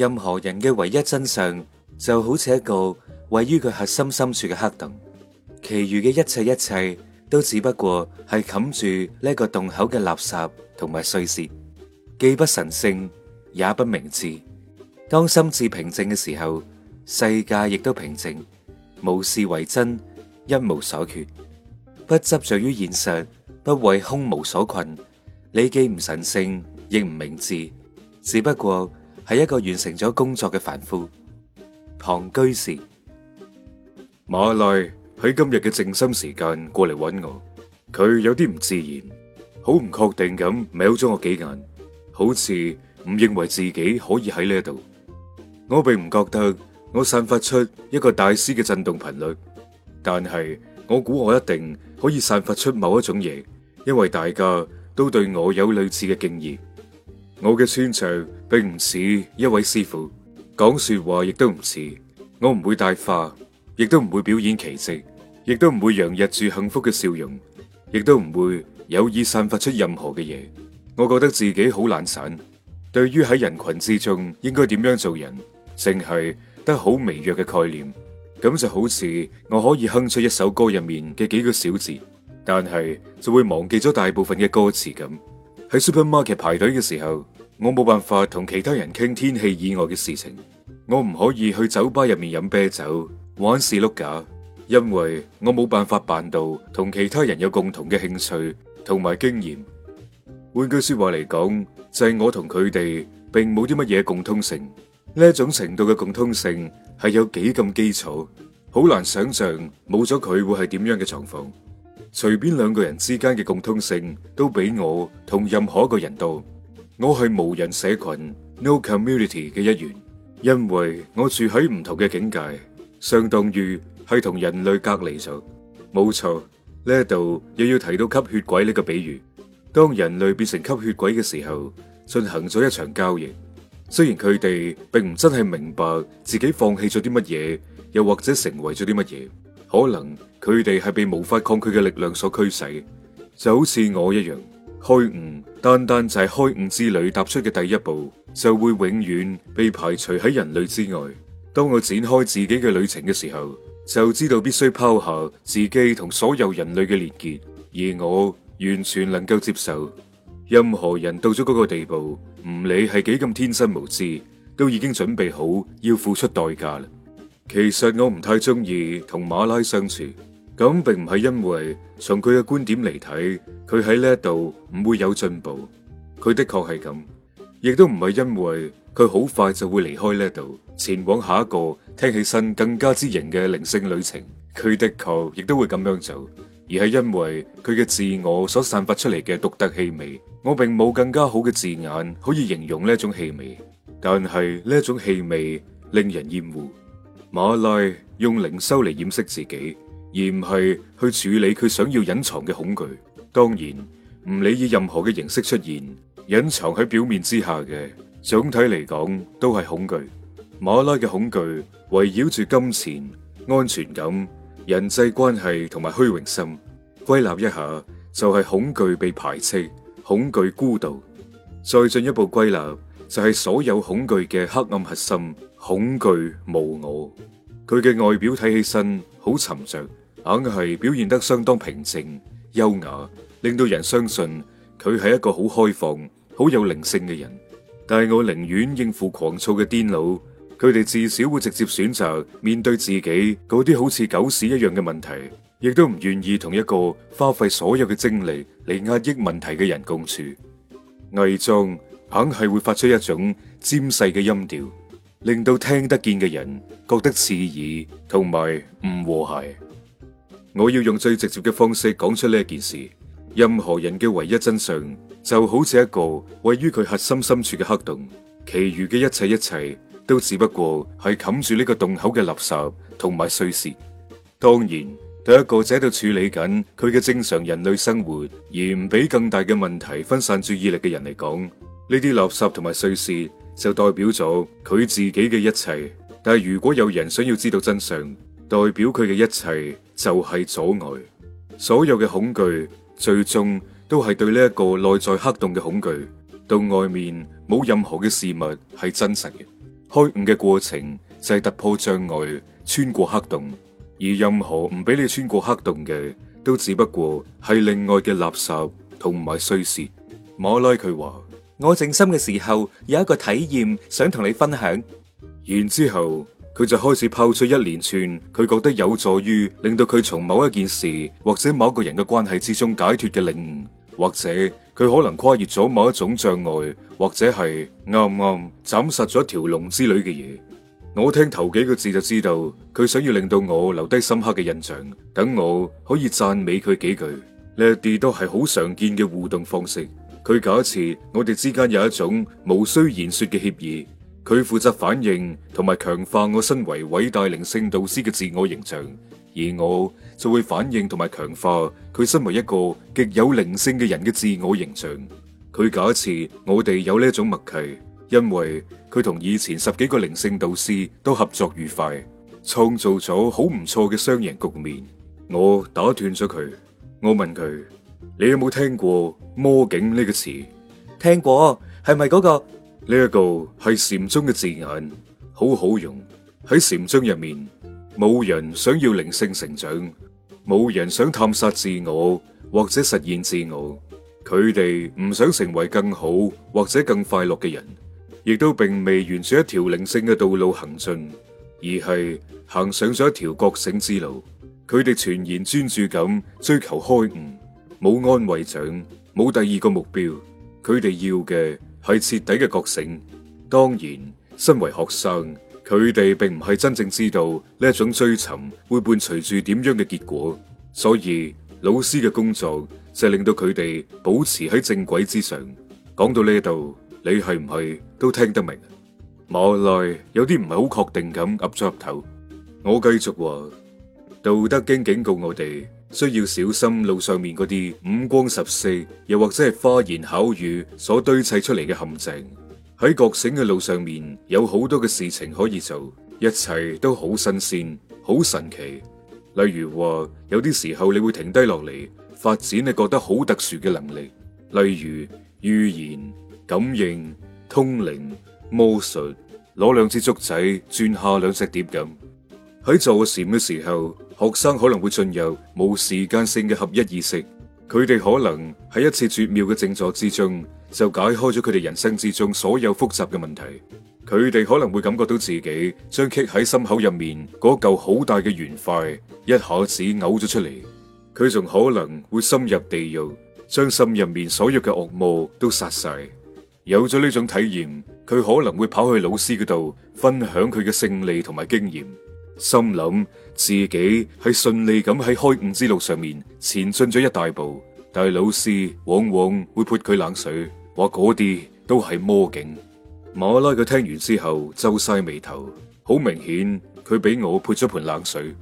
任何人嘅唯一真相就好似一個位於佢核心深處嘅黑洞，其餘嘅一切一切都只不過係冚住呢個洞口嘅垃圾同埋碎屑，既不神聖也不明智。當心智平靜嘅時候，世界亦都平靜，無視為真，一無所缺。不執着於現實，不為空無所困。你既唔神聖，亦唔明智，只不過，係一個完成咗工作嘅凡夫，旁居士，馬麗喺今日嘅靜心時間過嚟揾我，佢有啲唔自然，好唔確定咁瞄咗我幾眼，好似唔認為自己可以喺呢一度。我並唔覺得我散發出一個大師嘅震動頻率，但係我估我一定可以散發出某一種嘢，因為大家都對我有類似嘅敬意。我嘅穿着並唔似一位師傅，講說話亦都唔似，我唔會帶花，亦都唔會表演奇蹟，亦都唔會洋溢住幸福嘅笑容，亦都唔會有意散發出任何嘅嘢。我覺得自己好懶散，對於喺人群之中應該點樣做人，淨係得好微弱嘅概念。咁就好似我可以哼出一首歌入面嘅幾個小節，但係就會忘記咗大部分嘅歌詞咁。喺 supermarket 排隊嘅時候，我冇辦法同其他人傾天氣以外嘅事情。我唔可以去酒吧入面飲啤酒玩士碌架，因為我冇辦法辦到同其他人有共同嘅興趣同埋經驗。換句說話嚟講，就係我同佢哋並冇啲乜嘢共通性。呢一種程度嘅共通性係有幾咁基礎，好難想象冇咗佢會係點樣嘅狀況。隨便兩個人之間嘅共通性都比我同任何一個人多。我係無人社群 no community 嘅一員，因為我住喺唔同嘅境界，相當於係同人類隔離咗。冇錯，呢一度又要提到吸血鬼呢個比喻。當人類變成吸血鬼嘅時候，進行咗一場交易。雖然佢哋並唔真係明白自己放棄咗啲乜嘢，又或者成為咗啲乜嘢。可能佢哋係被無法抗拒嘅力量所驅使，就好似我一樣。開悟單單就係開悟之旅踏出嘅第一步，就會永遠被排除喺人類之外。當我展開自己嘅旅程嘅時候，就知道必須拋下自己同所有人類嘅連結，而我完全能夠接受任何人到咗嗰個地步，唔理係幾咁天真無知，都已經準備好要付出代價啦。其實我唔太中意同馬拉相處咁，並唔係因為從佢嘅觀點嚟睇，佢喺呢一度唔會有進步。佢的確係咁，亦都唔係因為佢好快就會離開呢度，前往下一個聽起身更加之型嘅靈性旅程。佢的確亦都會咁樣做，而係因為佢嘅自我所散發出嚟嘅獨特氣味，我並冇更加好嘅字眼可以形容呢種氣味，但係呢種氣味令人厭惡。馬拉用靈修嚟掩飾自己，而唔係去處理佢想要隱藏嘅恐懼。當然，唔理以任何嘅形式出現，隱藏喺表面之下嘅，總體嚟講都係恐懼。馬拉嘅恐懼圍繞住金錢、安全感、人際關係同埋虛榮心。歸納一下，就係恐懼被排斥、恐懼孤獨。再進一步歸納，就係所有恐懼嘅黑暗核心。恐懼無我，佢嘅外表睇起身好沉着，硬係表現得相當平靜優雅，令到人相信佢係一個好開放、好有靈性嘅人。但係我寧願應付狂躁嘅癲佬，佢哋至少會直接選擇面對自己嗰啲好似狗屎一樣嘅問題，亦都唔願意同一個花費所有嘅精力嚟壓抑問題嘅人共處。偽裝，硬係會發出一種尖細嘅音調。令到聽得見嘅人覺得刺耳同埋唔和諧。我要用最直接嘅方式講出呢件事。任何人嘅唯一真相就好似一個位於佢核心深處嘅黑洞，其餘嘅一切一切都只不過係冚住呢個洞口嘅垃圾同埋碎屑。當然，對一個就喺度處理緊佢嘅正常人類生活而唔俾更大嘅問題分散注意力嘅人嚟講，呢啲垃圾同埋碎屑。就代表咗佢自己嘅一切，但係如果有人想要知道真相，代表佢嘅一切就係阻礙。所有嘅恐懼最終都係對呢一個內在黑洞嘅恐懼，到外面冇任何嘅事物係真實嘅。開悟嘅過程就係突破障礙，穿過黑洞，而任何唔俾你穿過黑洞嘅，都只不過係另外嘅垃圾同埋碎屑。馬拉佢話。我靜心嘅時候有一個體驗，想同你分享。然之後佢就開始拋出一連串佢覺得有助於令到佢從某一件事或者某一個人嘅關係之中解脫嘅領悟，或者佢可能跨越咗某一種障礙，或者係啱啱斬殺咗一條龍之類嘅嘢。我聽頭幾個字就知道佢想要令到我留低深刻嘅印象，等我可以讚美佢幾句。呢啲都係好常見嘅互動方式。佢假設我哋之間有一種無需言說嘅協議，佢負責反應同埋強化我身為偉大靈性導師嘅自我形象，而我就會反應同埋強化佢身為一個極有靈性嘅人嘅自我形象。佢假設我哋有呢一種默契，因為佢同以前十幾個靈性導師都合作愉快，創造咗好唔錯嘅雙贏局面。我打斷咗佢，我問佢。你有冇聽過魔境呢個詞？聽過係咪嗰個？呢一個係禪宗嘅字眼，好好用喺禪宗入面。冇人想要靈性成長，冇人想探索自我或者實現自我，佢哋唔想成為更好或者更快樂嘅人，亦都並未沿住一條靈性嘅道路行進，而係行上咗一條覺醒之路。佢哋全然專注咁追求開悟。冇安慰獎，冇第二個目標，佢哋要嘅係徹底嘅覺醒。當然，身為學生，佢哋並唔係真正知道呢一種追尋會伴隨住點樣嘅結果，所以老師嘅工作就係令到佢哋保持喺正軌之上。講到呢一度，你係唔係都聽得明？馬賴有啲唔係好確定咁岌咗岌頭。我繼續話《道德經》警告我哋。需要小心路上面嗰啲五光十色，又或者係花言巧語所堆砌出嚟嘅陷阱。喺覺醒嘅路上面，有好多嘅事情可以做，一切都好新鮮、好神奇。例如話，有啲時候你會停低落嚟，發展你覺得好特殊嘅能力，例如預言、感應、通靈、魔術，攞兩支竹仔轉下兩隻碟咁。喺坐禪嘅時候，學生可能會進入冇時間性嘅合一意識。佢哋可能喺一次絕妙嘅靜坐之中，就解開咗佢哋人生之中所有複雜嘅問題。佢哋可能會感覺到自己將棘喺心口入面嗰嚿好大嘅怨塊，一下子嘔咗出嚟。佢仲可能會深入地獄，將心入面所有嘅惡魔都殺晒。有咗呢種體驗，佢可能會跑去老師嗰度分享佢嘅勝利同埋經驗。心諗自己係順利咁喺開悟之路上面前進咗一大步，但係老師往往會潑佢冷水，話嗰啲都係魔境。馬拉佢聽完之後皺晒眉頭，好明顯佢俾我潑咗盆冷水。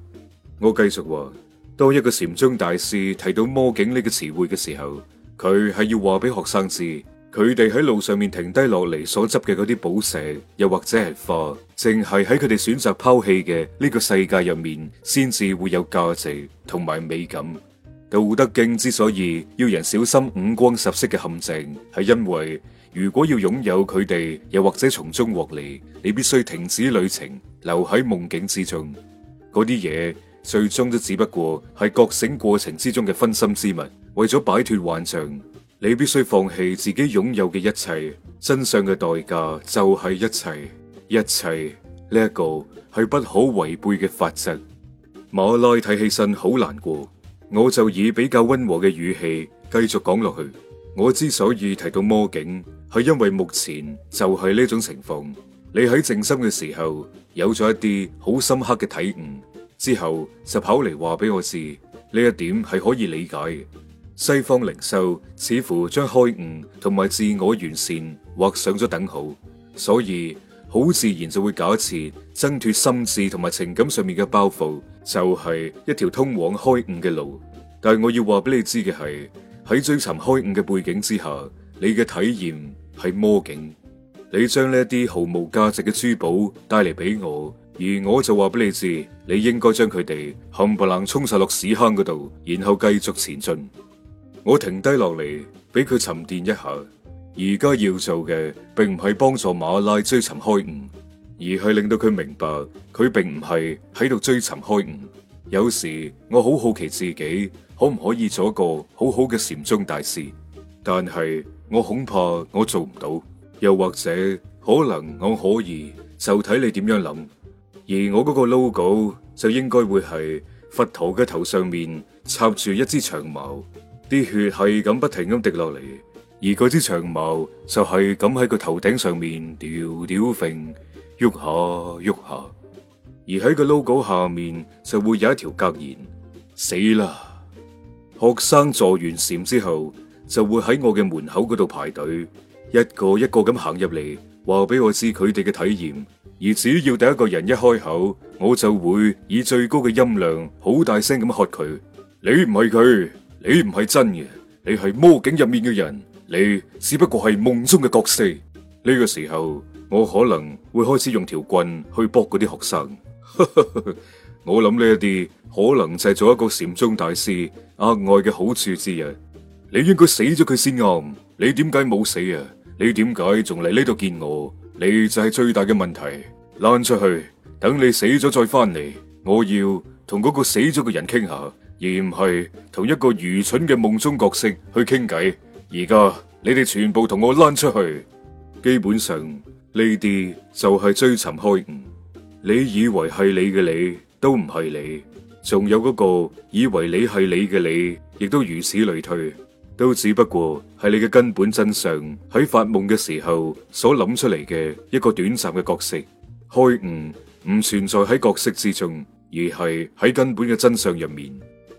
我繼續話，當一個禪宗大師提到魔境呢個詞彙嘅時候，佢係要話俾學生知。佢哋喺路上面停低落嚟所執嘅嗰啲寶石，又或者係花，淨係喺佢哋選擇拋棄嘅呢個世界入面，先至會有價值同埋美感。道德經之所以要人小心五光十色嘅陷阱，係因為如果要擁有佢哋，又或者從中獲利，你必須停止旅程，留喺夢境之中。嗰啲嘢最終都只不過係覺醒過程之中嘅分心之物，為咗擺脫幻象，你必須放棄自己擁有嘅一切，真相嘅代價就係一切，一切呢一個係不可違背嘅法則。馬拉睇起身，好難過，我就以比較溫和嘅語氣繼續講落去。我之所以提到魔境，係因為目前就係呢種情況。你喺靜心嘅時候有咗一啲好深刻嘅體悟之後，就跑嚟話俾我知呢一點係可以理解嘅。西方靈修似乎將開悟同埋自我完善畫上咗等號，所以好自然就會假設掙脫心智同埋情感上面嘅包袱就係一條通往開悟嘅路。但係，我要話俾你知嘅係喺追尋開悟嘅背景之下，你嘅體驗係魔境。你將呢一啲毫無價值嘅珠寶帶嚟俾我，而我就話俾你知，你應該將佢哋冚唪唥沖晒落屎坑嗰度，然後繼續前進。我停低落嚟，俾佢沉澱一下。而家要做嘅，並唔係幫助馬拉追尋開悟，而係令到佢明白，佢並唔係喺度追尋開悟。有時我好好奇自己可唔可以做一個好好嘅禪宗大師，但係我恐怕我做唔到，又或者可能我可以，就睇你點樣諗。而我嗰個 logo 就應該會係佛陀嘅頭上面插住一支長矛。啲血係咁不停咁滴落嚟，而嗰啲長毛就係咁喺佢頭頂上面吊吊揈，喐下喐下，而喺個 logo 下面就會有一條格言：死啦！學生坐完禪之後，就會喺我嘅門口嗰度排隊，一個一個咁行入嚟，話俾我知佢哋嘅體驗。而只要第一個人一開口，我就會以最高嘅音量，好大聲咁喝佢：你唔係佢！你唔係真嘅，你係魔境入面嘅人，你只不過係夢中嘅角色。呢個時候，我可能會開始用條棍去搏嗰啲學生。 我諗呢一啲可能就係做一個禪宗大師額外嘅好處之一。你應該死咗佢先啱，你點解冇死啊？你點解仲嚟呢度見我？你就係最大嘅問題，滾出去，等你死咗再翻嚟，我要同嗰個死咗嘅人傾下。而唔係同一個愚蠢嘅夢中角色去傾偈。而家你哋全部同我拉出去，基本上呢啲就係追尋開悟。你以為係你嘅你，都唔係你。仲有嗰個以為你係你嘅你，亦都如此類推，都只不過係你嘅根本真相喺發夢嘅時候所諗出嚟嘅一個短暫嘅角色。開悟唔存在喺角色之中，而係喺根本嘅真相入面。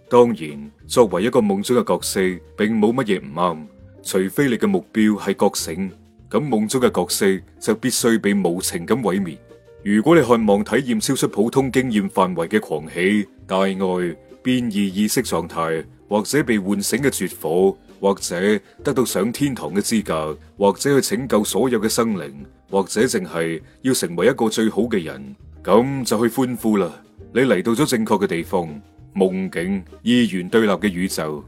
當然，作為一個夢中嘅角色，並冇乜嘢唔啱。除非你嘅目標係覺醒，咁夢中嘅角色就必須被無情咁毀滅。如果你渴望體驗超出普通經驗範圍嘅狂喜、大愛、變異意識狀態，或者被喚醒嘅絕火，或者得到上天堂嘅資格，或者去拯救所有嘅生靈，或者淨係要成為一個最好嘅人，咁就去歡呼啦！你嚟到咗正確嘅地方。夢境、二元對立嘅宇宙，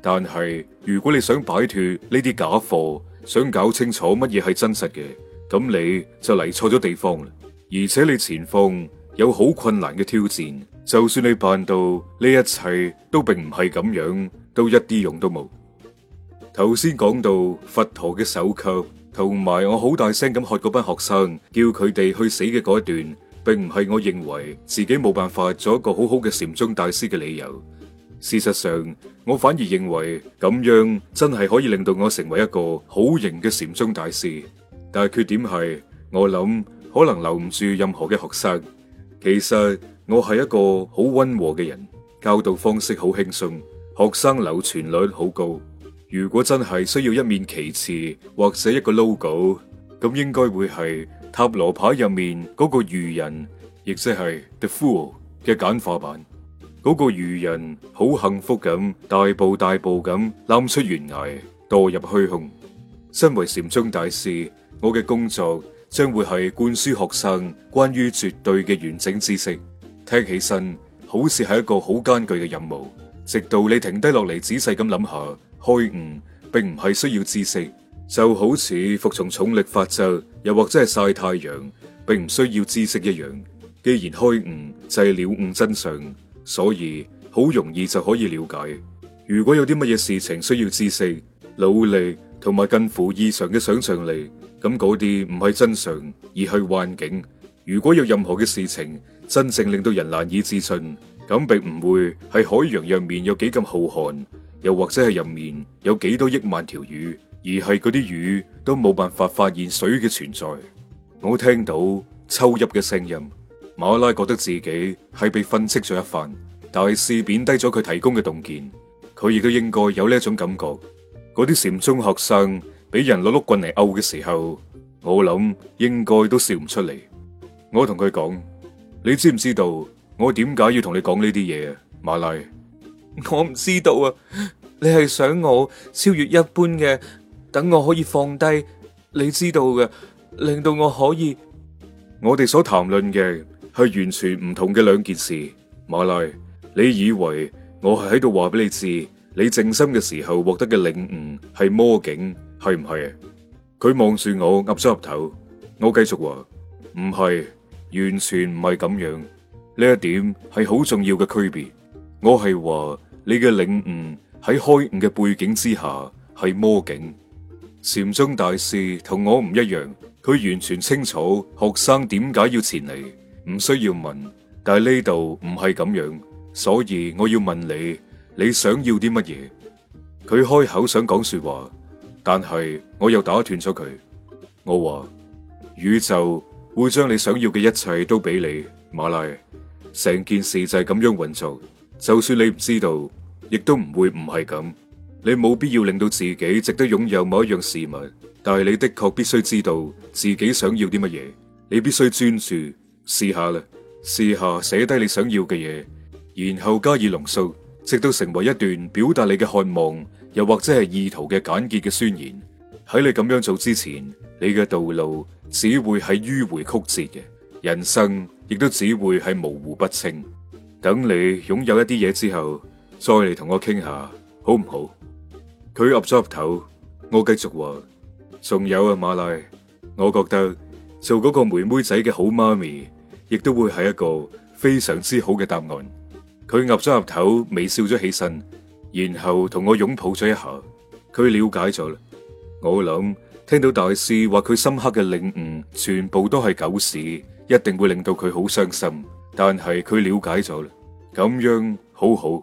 但係如果你想擺脫呢啲假貨，想搞清楚乜嘢係真實嘅，咁你就嚟錯咗地方。而且你前方有好困難嘅挑戰，就算你辦到呢一切，都並唔係咁樣，都一啲用都冇。頭先講到佛陀嘅手銬，同埋我好大聲咁喝嗰班學生，叫佢哋去死嘅嗰一段。並唔係我認為自己冇辦法做一個好好嘅禪宗大師嘅理由，事實上我反而認為咁樣真係可以令到我成為一個好型嘅禪宗大師。但係缺點係，我諗可能留唔住任何嘅學生。其實我係一個好溫和嘅人，教導方式好輕鬆，學生留存率好高。如果真係需要一面旗幟或者一個 logo，咁應該會係。塔羅牌入面嗰個愚人，亦即係 The Fool 嘅簡化版。嗰、那個愚人好幸福咁，大步大步咁攬出懸崖，墮入虛空。身為禪宗大師，我嘅工作將會係灌輸學生關於絕對嘅完整知識。聽起身好似係一個好艱巨嘅任務。直到你停低落嚟，仔細咁諗下，開悟並唔係需要知識。就好似服從重力法則，又或者係曬太陽，並唔需要知識一樣。既然開悟就係、是、了悟真相，所以好容易就可以了解。如果有啲乜嘢事情需要知識、努力同埋近乎異常嘅想象力，咁嗰啲唔係真相，而係幻境。如果有任何嘅事情真正令到人難以置信，咁並唔會係海洋入面有幾咁浩瀚，又或者係入面有幾多億萬條魚。而係嗰啲魚都冇辦法發現水嘅存在。我聽到抽泣嘅聲音，馬拉覺得自己係被分析咗一番，大肆貶低咗佢提供嘅洞見，佢亦都應該有呢一種感覺。嗰啲禪宗學生俾人碌碌棍嚟毆嘅時候，我諗應該都笑唔出嚟。我同佢講：，你知唔知道我點解要同你講呢啲嘢啊？馬拉，我唔知道啊。你係想我超越一般嘅？等我可以放低，你知道嘅，令到我可以，我哋所談論嘅係完全唔同嘅兩件事。瑪麗，你以為我係喺度話俾你知，你靜心嘅時候獲得嘅領悟係魔境，係唔係？佢望住我，岌咗岌頭。我繼續話，唔係，完全唔係咁樣。呢一點係好重要嘅區別。我係話你嘅領悟喺開悟嘅背景之下係魔境。禪宗大師同我唔一樣，佢完全清楚學生點解要前嚟，唔需要問。但係呢度唔係咁樣，所以我要問你，你想要啲乜嘢？佢開口想講說話，但係我又打斷咗佢。我話宇宙會將你想要嘅一切都俾你，馬拉，成件事就係咁樣運作，就算你唔知道，亦都唔會唔係咁。你冇必要令到自己值得擁有某一樣事物，但係你的確必須知道自己想要啲乜嘢。你必須專注，試下啦，試下寫低你想要嘅嘢，然後加以濃縮，直到成為一段表達你嘅渴望，又或者係意圖嘅簡潔嘅宣言。喺你咁樣做之前，你嘅道路只會係迂回曲折嘅，人生亦都只會係模糊不清。等你擁有一啲嘢之後，再嚟同我傾下，好唔好？佢岌咗岌頭，我繼續話：仲有啊，馬拉，我覺得做嗰個妹妹仔嘅好媽咪，亦都會係一個非常之好嘅答案。佢岌咗岌頭，微笑咗起身，然後同我擁抱咗一下。佢了解咗啦。我諗聽到大師話佢深刻嘅領悟，全部都係狗屎，一定會令到佢好傷心。但係佢了解咗啦，咁樣好好。